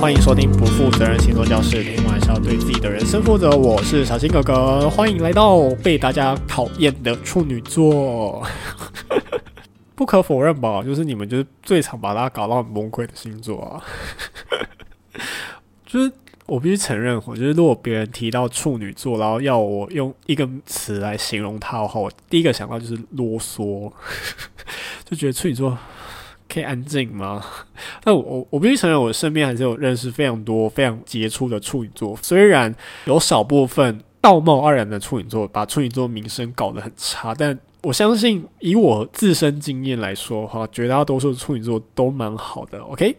歡迎收聽不負責任星座教室。每天晚上對自己的人生負責，我，我是小新哥哥。歡迎來到被大家討厭的處女座。 不可否認吧，就是你們就是最常把他搞到很崩潰的星座啊。 就是我必須承認，我覺得如果別人提到處女座，然後要我用一個詞來形容他的話，我第一個想到就是囉嗦， 就覺得處女座。可以安靜嗎？那我我必須承認，我身邊還是有認識非常多非常傑出的處女座。雖然有少部分道貌岸然的處女座把處女座名聲搞得很差，但我相信以我自身經驗來說的話，絕大多數處女座都蠻好的。OK，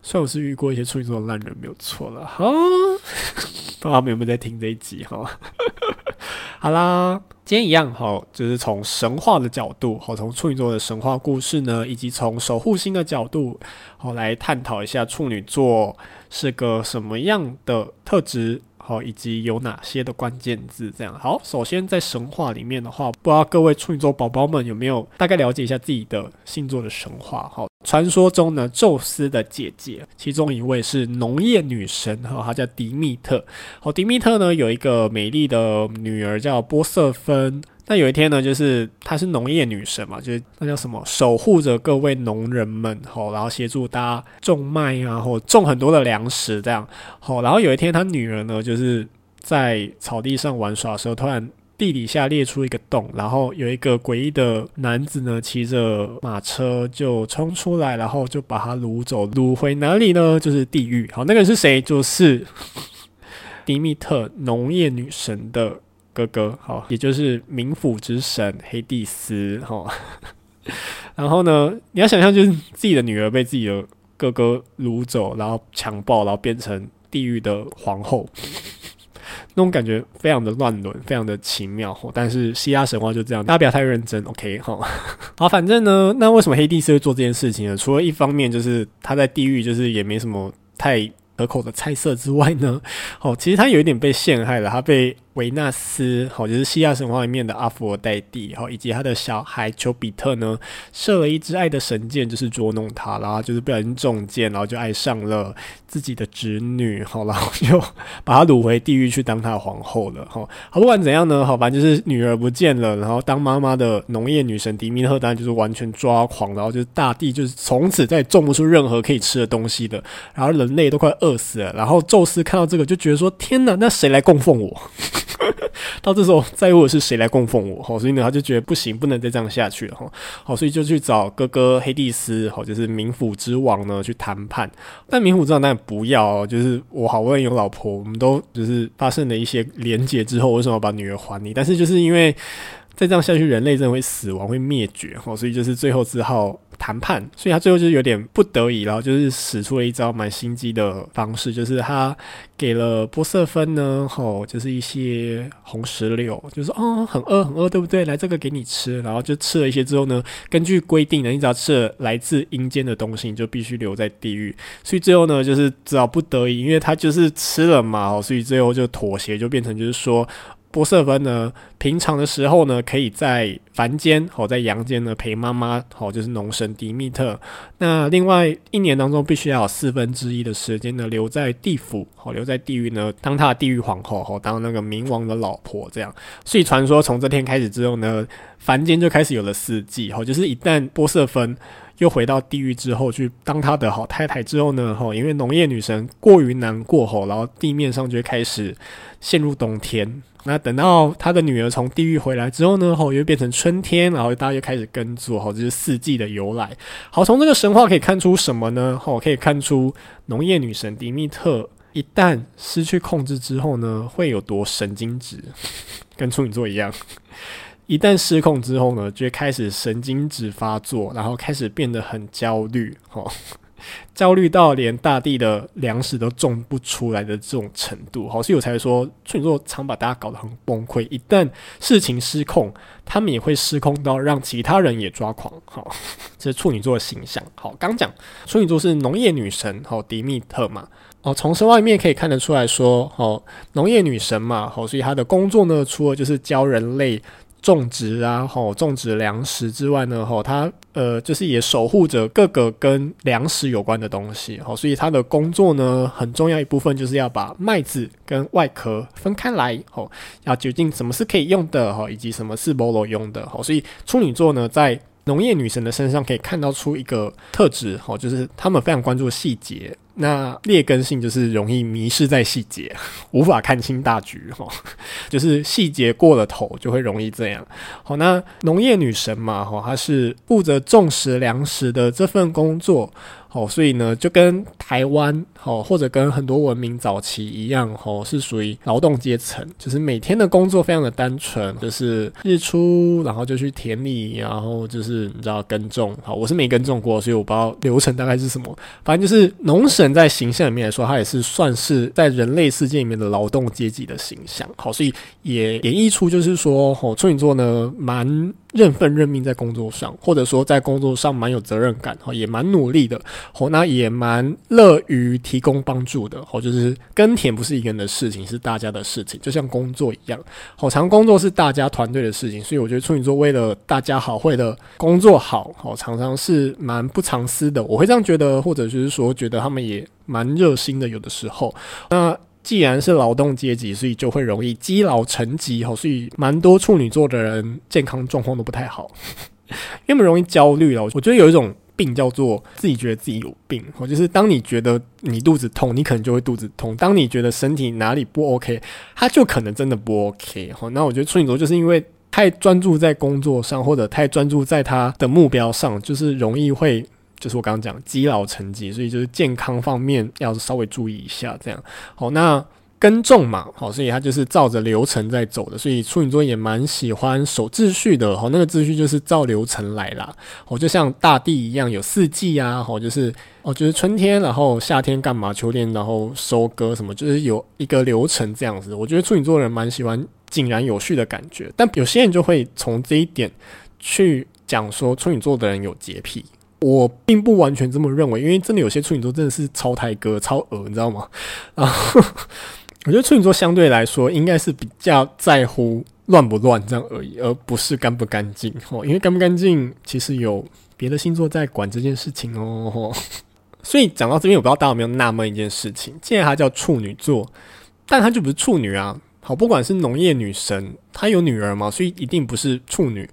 雖然我是遇過一些處女座的爛人，沒有錯了。不知道他們有沒有在聽這一集？哈， 好啦。今天一樣，好，就是從神話的角度，好，從處女座的神話故事呢，以及從守護星的角度，好，來探討一下處女座是個什麼樣的特質。好，以及有哪些的關鍵字？這樣好。首先，在神話裡面的話，不知道各位處女座寶寶們有沒有大概了解一下自己的星座的神話？哈，傳說中呢，宙斯的姐姐其中一位是農業女神，哈，她叫狄蜜特。好，狄蜜特呢，有一個美麗的女兒叫波瑟芬。那有一天呢，就是她是農業女神嘛，就是那叫什麼，守護着各位農人們，吼，然後協助大家種麥啊，或種很多的糧食這樣，吼，然後有一天她女兒呢，就是在草地上玩耍的時候，突然地底下裂出一個洞，然後有一個詭異的男子呢，騎着馬車就衝出來，然後就把他擄走，擄回哪裡呢？就是地獄。好，那個人是誰？就是 迪密特農業女神的。哥哥，好，也就是冥府之神黑蒂斯，吼、哦， 然後呢，你要想象就是自己的女兒被自己的哥哥擄走，然後強暴，然後變成地獄的皇後， 那種感覺非常的亂倫，非常的奇妙。哦、但是希臘神話就這樣，大家不要太認真，OK，好、哦， 好，反正呢，那為什麼黑蒂斯會做這件事情呢？除了一方面就是他在地獄就是也沒什麼太可口的菜色之外呢，哦，其實他有一點被陷害了，他被。維納斯，好，就是希臘神話裡面的阿佛洛戴蒂，好，以及他的小孩丘比特呢，射了一支愛的神箭，就是捉弄他，然後就是不小心中箭，然後就愛上了自己的侄女，好，然後就把他擄回地獄去當他的皇後了，哈，好，不管怎樣呢，好，反正就是女兒不見了，然後當媽媽的農業女神狄蜜特丹就是完全抓狂，然後就是大地就是從此再種不出任何可以吃的東西的，然後人類都快餓死了，然後宙斯看到這個就覺得說，天哪，那誰來供奉我？ 到這時候，在乎的是誰來供奉我，哦？所以呢，他就覺得不行，不能再這樣下去了。好，哦哦，所以就去找哥哥黑帝斯，哈，哦，就是冥府之王呢，去談判。但冥府之王當然不要，哦，就是我好不容易有老婆，我們都就是發生了一些連結之後，為什麼要把女兒還你？但是就是因為再這樣下去，人類真的會死亡、會滅絕。哈，哦，所以就是最後之後。談判，所以他最後就有點不得已，然後就是使出了一招蠻心機的方式，就是他給了玻色芬呢，吼，就是一些紅石榴，就是哦，很餓很餓，對不對？來這個給你吃，然後就吃了一些之後呢，根據規定呢，你只要吃了來自陰間的東西，你就必須留在地獄。所以最後呢，就是只好不得已，因為他就是吃了嘛，吼，所以最後就妥協，就變成就是說。波塞芬呢，平常的時候呢，可以在凡間，好、喔，在陽間呢陪媽媽，好、喔，就是農神迪密特。那另外一年當中，必須要有四分之一的時間呢，留在地府，好、喔，留在地獄呢，當他的地獄皇後，好、喔，當那個冥王的老婆這樣。所以傳說從這天開始之後呢，凡間就開始有了四季，好、喔，就是一旦波塞芬。又回到地獄之後，去當他的好太太之後呢？吼，因為農業女神過於難過吼，然後地面上就會開始陷入冬天。那等到他的女兒從地獄回來之後呢？吼，又變成春天，然後大家又開始耕作。吼，這是四季的由來。好，從這個神話可以看出什麼呢？吼，可以看出農業女神狄蜜特一旦失去控制之後呢，會有多神經質，跟處女座一樣。一旦失控之後呢，就會開始神經質發作，然後開始變得很焦慮，哈、哦，焦慮到連大地的糧食都種不出來的這種程度，好，所以我才會說處女座常把大家搞得很崩潰。一旦事情失控，他們也會失控到讓其他人也抓狂，好、哦，這是處女座的形象。好，剛講處女座是農業女神，哦，迪蜜特嘛，哦，從身外面可以看得出來說，哦，農業女神嘛，好、哦，所以她的工作呢，除了就是教人類。種植啊，吼、哦，種植糧食之外呢，吼、哦，他呃，就是也守護着各個跟糧食有關的東西，吼、哦，所以他的工作呢，很重要一部分就是要把麥子跟外殼分開來，吼、哦，要決定什麼是可以用的，吼、哦，以及什麼是不能用的，吼、哦，所以處女座呢，在。農業女神的身上可以看到出一個特質，哈，就是她們非常關注細節。那劣根性就是容易迷失在細節，無法看清大局，哈，就是細節過了頭就會容易這樣。好，那農業女神嘛，哈，她是負責種植糧食的這份工作。哦，所以呢，就跟台灣哦，或者跟很多文明早期一樣，哦，是屬於勞動階層，就是每天的工作非常的單純，就是日出，然後就去田裡，然後就是你知道耕種。好，我是沒耕種過，所以我不知道流程大概是什麼。反正就是農神在形象裡面來說，他也是算是在人類世界裡面的勞動階級的形象。好，所以也演繹出，就是說，哦，處女座呢，蠻認份認，認命在工作上，或者說在工作上蠻有責任感哈，也蠻努力的，哦，那也蠻樂於提供幫助的，哦，就是耕田不是一個人的事情，是大家的事情，就像工作一樣，好，常工作是大家團隊的事情，所以我覺得處女座為了大家好，為了工作好，好常常是蠻不藏私的，我會這樣覺得，或者就是說覺得他們也蠻熱心的，有的時候，那。既然是勞動階級，所以就會容易積勞成疾哈，所以蠻多處女座的人健康狀況都不太好， 因為容易焦慮了。我覺得有一種病叫做自己覺得自己有病，我就是當你覺得你肚子痛，你可能就會肚子痛；當你覺得身體哪裡不 OK，他就可能真的不 OK。那我覺得處女座就是因為太專注在工作上，或者太專注在他的目標上，就是容易會。就是我剛剛講積勞成疾，所以就是健康方面要稍微注意一下。這樣好，那耕種嘛，好，所以他就是照着流程在走的。所以處女座也蠻喜歡守秩序的，好，那個秩序就是照流程來啦。我就像大地一樣，有四季啊，好，就是哦，就是春天，然後夏天幹嘛，秋天然後收割什麼，就是有一個流程這樣子。我覺得處女座的人蠻喜歡井然有序的感覺，但有些人就會從這一點去講說，處女座的人有潔癖。我並不完全這麼認為，因為真的有些處女座真的是超台哥、超惡，你知道嗎？然後，啊，我覺得處女座相對來說應該是比較在乎亂不亂這樣而已，而不是乾不乾淨。哦，因為乾不乾淨其實有別的星座在管這件事情哦。哦，哦，所以講到這邊，我不知道大家有沒有納悶一件事情，既然它叫處女座，但它就不是處女啊？好，不管是農業女神，她有女兒嘛，所以一定不是處女。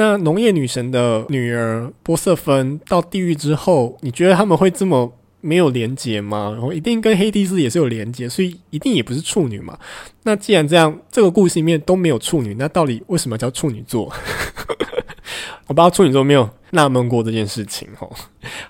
那農業女神的女兒波瑟芬到地獄之後，你覺得他們會這麼沒有連接嗎？然後一定跟黑帝斯也是有連接，所以一定也不是處女嘛。那既然這樣，這個故事裡面都沒有處女，那到底為什麼叫處女座？ 我不知道處女座沒有納悶過這件事情。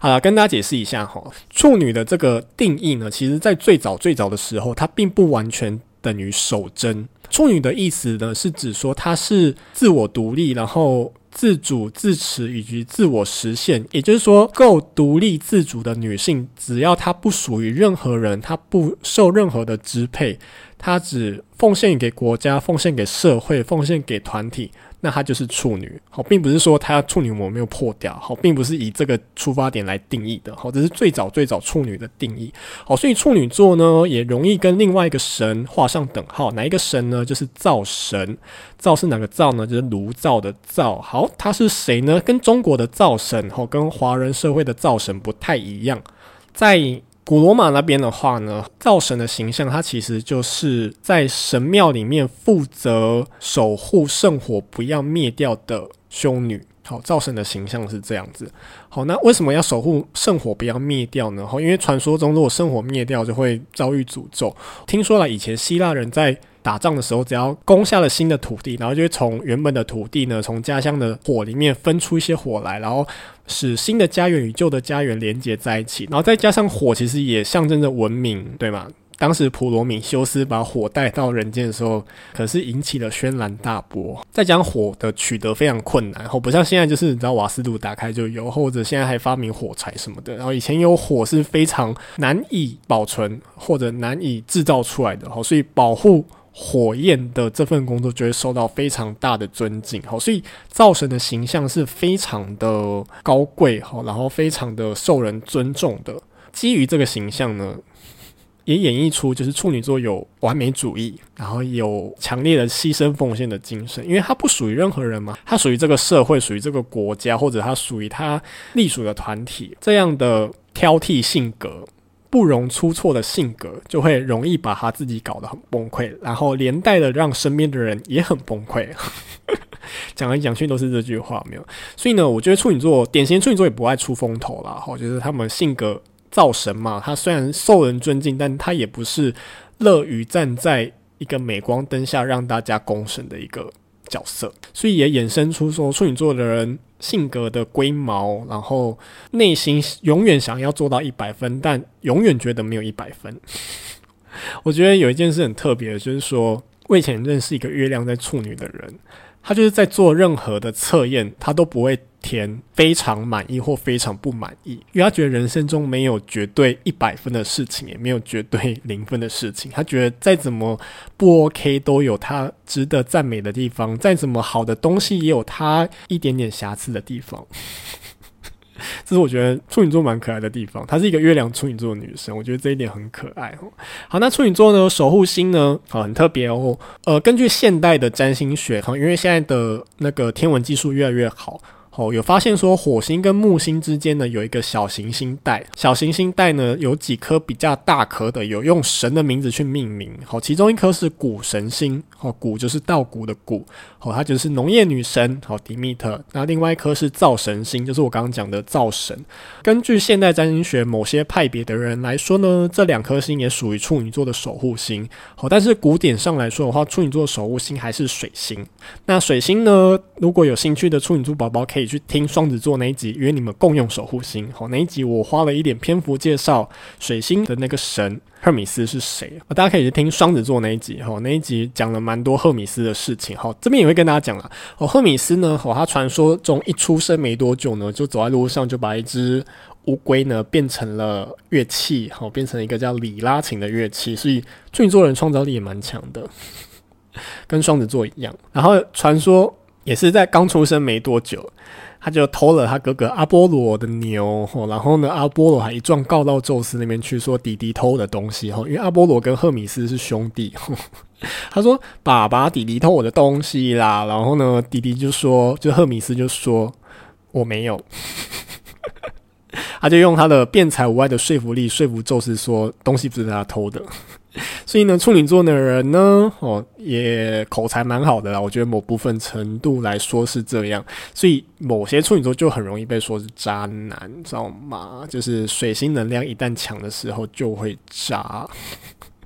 好了，跟大家解釋一下。處女的這個定義呢，其實在最早最早的時候，它並不完全等於守貞。處女的意思呢，是指說她是自我獨立，然後。自主、自持以及自我實現，也就是說，夠獨立自主的女性，只要她不屬於任何人，她不受任何的支配。她只奉獻給國家，奉獻給社會，奉獻給團體，那她就是處女。好，並不是說她處女膜沒有破掉。好，並不是以這個出發點來定義的。好，這是最早最早處女的定義。好，所以處女座呢，也容易跟另外一個神畫上等號。哪一個神呢？就是灶神。灶是哪個灶呢？就是爐灶的灶。好，他是誰呢？跟中國的灶神，好，跟華人社會的灶神不太一樣，在。古羅馬那邊的話呢，灶神的形象，它其實就是在神廟裡面負責守護聖火不要滅掉的修女。好，灶神的形象是這樣子。好，那為什麼要守護聖火不要滅掉呢？好，因為傳說中，如果聖火滅掉，就會遭遇詛咒。聽說了，以前希臘人在。打仗的時候，只要攻下了新的土地，然後就會從原本的土地呢，從家鄉的火裡面分出一些火來，然後使新的家園與舊的家園連接在一起。然後再加上火，其實也象徵着文明，對嗎？當時普羅米修斯把火帶到人間的時候，可是引起了軒然大波。再講火的取得非常困難，吼，不像現在就是你知道瓦斯爐打開就有，或者現在還發明火柴什麼的。然後以前有火是非常難以保存或者難以製造出來的，吼，所以保護。火焰的這份工作就會受到非常大的尊敬，好，所以灶神的形象是非常的高貴，好，然後非常的受人尊重的。基於這個形象呢，也演繹出就是處女座有完美主義，然後有強烈的犧牲奉獻的精神，因為它不屬於任何人嘛，它屬於這個社會，屬於這個國家，或者它屬於它隸屬的團體這樣的挑剔性格。不容出錯的性格，就會容易把他自己搞得很崩潰，然後連帶的讓身邊的人也很崩潰。講來講去都是這句話，沒有。所以呢，我覺得處女座，典型處女座也不愛出風頭啦。齁，就是他們性格造神嘛，他雖然受人尊敬，但他也不是樂於站在一個鎂光燈下讓大家供神的一個。角色，所以也衍生出說，處女座的人性格的龜毛，然後內心永遠想要做到一百分，但永遠覺得沒有一百分。 我覺得有一件事很特別的，就是說，我以前認識一個月亮在處女的人，他就是在做任何的測驗，他都不會天，非常滿意或非常不滿意，因為他覺得人生中沒有絕對一百分的事情，也沒有絕對零分的事情。他覺得再怎麼不 OK 都有他值得讚美的地方，再怎麼好的東西也有他一點點瑕疵的地方。 這是我覺得處女座蠻可愛的地方。她是一個月亮處女座的女生，我覺得這一點很可愛哦。好，那處女座呢，守護星呢？啊，很特別哦。呃，根據現代的占星學哈，因為現在的那個天文技術越來越好。哦，有發現說火星跟木星之間呢，有一個小行星帶，小行星帶呢有幾顆比較大顆的，有用神的名字去命名。好、哦，其中一顆是谷神星，好、哦，谷就是稻谷的谷，好、哦，它就是農業女神，好、哦，狄蜜特。那另外一顆是灶神星，就是我剛剛講的灶神。根據現代占星學某些派別的人來說呢，這兩顆星也屬於處女座的守護星。好、哦，但是古典上來說的話，處女座的守護星還是水星。那水星呢，如果有興趣的處女座寶寶可以。可以去聽雙子座那一集，因為你們共用守護星。好、哦，那一集我花了一點篇幅介紹水星的那個神赫米斯是誰、哦。大家可以去聽雙子座那一集。哈、哦，那一集講了蠻多赫米斯的事情。好、哦，這邊也會跟大家講啦哦，赫米斯呢，哦，他傳說中一出生沒多久呢，就走在路上就把一隻烏龜呢變成了樂器。好、哦，變成了一個叫里拉琴的樂器。所以處女座人創造力也蠻強的， 跟雙子座一樣。然後傳說。也是在剛出生沒多久，他就偷了他哥哥阿波羅的牛。然後呢，阿波羅還一狀告到宙斯那邊去，說弟弟偷的東西。因為阿波羅跟赫米斯是兄弟。呵呵他說：“爸爸，弟弟偷我的東西啦。”然後呢，弟弟就說，就赫米斯就說：“我沒有。 ”他就用他的辯才無礙的說服力說服宙斯說，說東西不是他偷的。所以呢，處女座的人呢，哦，也口才蠻好的啦。我覺得某部分程度來說是這樣。所以某些處女座就很容易被說是渣男，你知道嗎？就是水星能量一旦強的時候就會渣。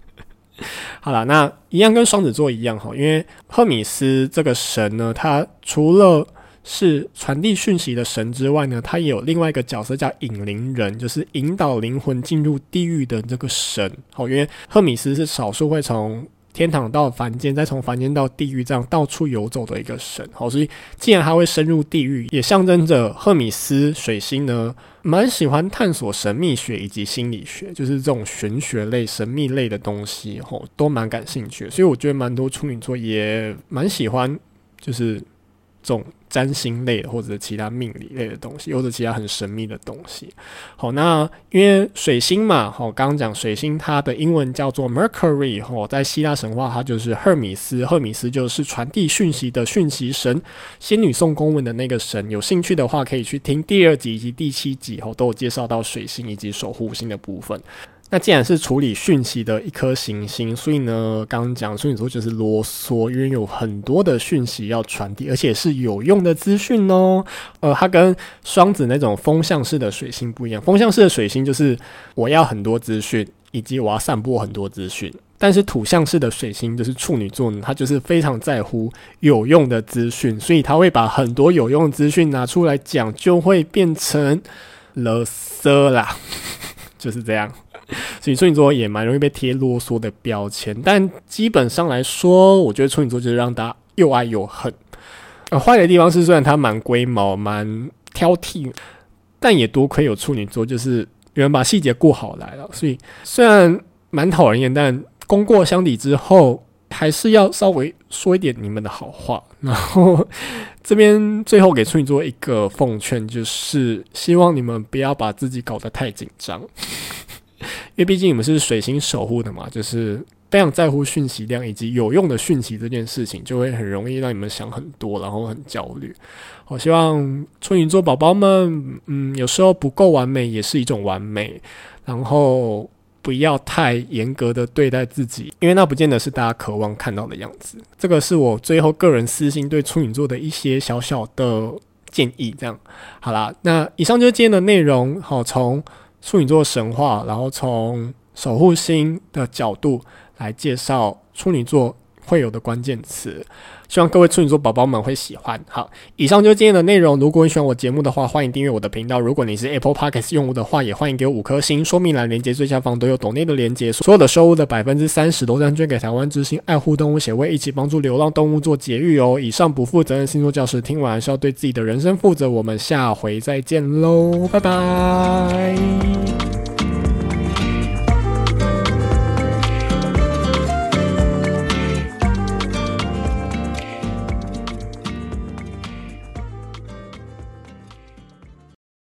好啦，那一樣跟雙子座一樣哈，因為赫米斯這個神呢，他除了是傳遞訊息的神之外呢，它也有另外一個角色叫引靈人，就是引導靈魂進入地獄的這個神。好，因為赫米斯是少數會從天堂到凡間，再從凡間到地獄這樣到處遊走的一個神。好，所以既然他會深入地獄，也象徵着赫米斯水星呢，蠻喜歡探索神秘學以及心理學，就是這種玄學類、神秘類的東西，吼，都蠻感興趣的。所以我覺得蠻多處女座也蠻喜歡，就是這種。占星類的，或者其他命理類的東西，或者其他很神秘的東西。好，那因為水星嘛，好、哦，剛剛講水星，它的英文叫做 Mercury，吼、哦，在希臘神話它就是赫米斯，赫米斯就是傳遞訊息的訊息神，仙女送公文的那個神。有興趣的話，可以去聽第二集以及第七集，吼、哦，都有介紹到水星以及守護星的部分。那既然是處理訊息的一顆行星，所以呢，剛剛講處女座就是囉嗦，因為有很多的訊息要傳遞，而且是有用的資訊哦。呃，它跟雙子那種風向式的水星不一樣，風向式的水星就是我要很多資訊，以及我要散播很多資訊。但是土象式的水星就是處女座呢，它就是非常在乎有用的資訊，所以他會把很多有用資訊拿出來講，就會變成垃圾啦， 就是這樣。所以處女座也蠻容易被貼囉嗦的標籤，但基本上來說，我覺得處女座就是讓大家又愛又恨。呃，壞的地方是，雖然他蠻龜毛、蠻挑剔，但也多虧有處女座，就是有人把細節顧好來了。所以雖然蠻討人厭，但功過相抵之後，還是要稍微說一點你們的好話。然後這邊最後給處女座一個奉勸，就是希望你們不要把自己搞得太緊張。因為畢竟你們是水星守護的嘛，就是非常在乎訊息量以及有用的訊息這件事情，就會很容易讓你們想很多，然後很焦慮。我希望處女座寶寶們，嗯，有時候不夠完美也是一種完美，然後不要太嚴格的對待自己，因為那不見得是大家渴望看到的樣子。這個是我最後個人私心對處女座的一些小小的建議，這樣。好啦，那以上就是今天的內容。好，從。處女座神話，然後從守護星的角度來介紹處女座，會有的關鍵詞，希望各位處女座寶寶們會喜歡。好，以上就是今天的內容。如果你喜歡我節目的話，歡迎訂閱我的頻道。如果你是 Apple Podcast 用戶的話，也歡迎給我五顆星。說明欄連接最下方都有斗內的連接。所有的收入的百分之三十都將捐給台灣之星愛護動物協會，一起幫助流浪動物做絕育哦。以上不負責任星座教師，聽完是要對自己的人生負責。我們下回再見嘍，拜拜。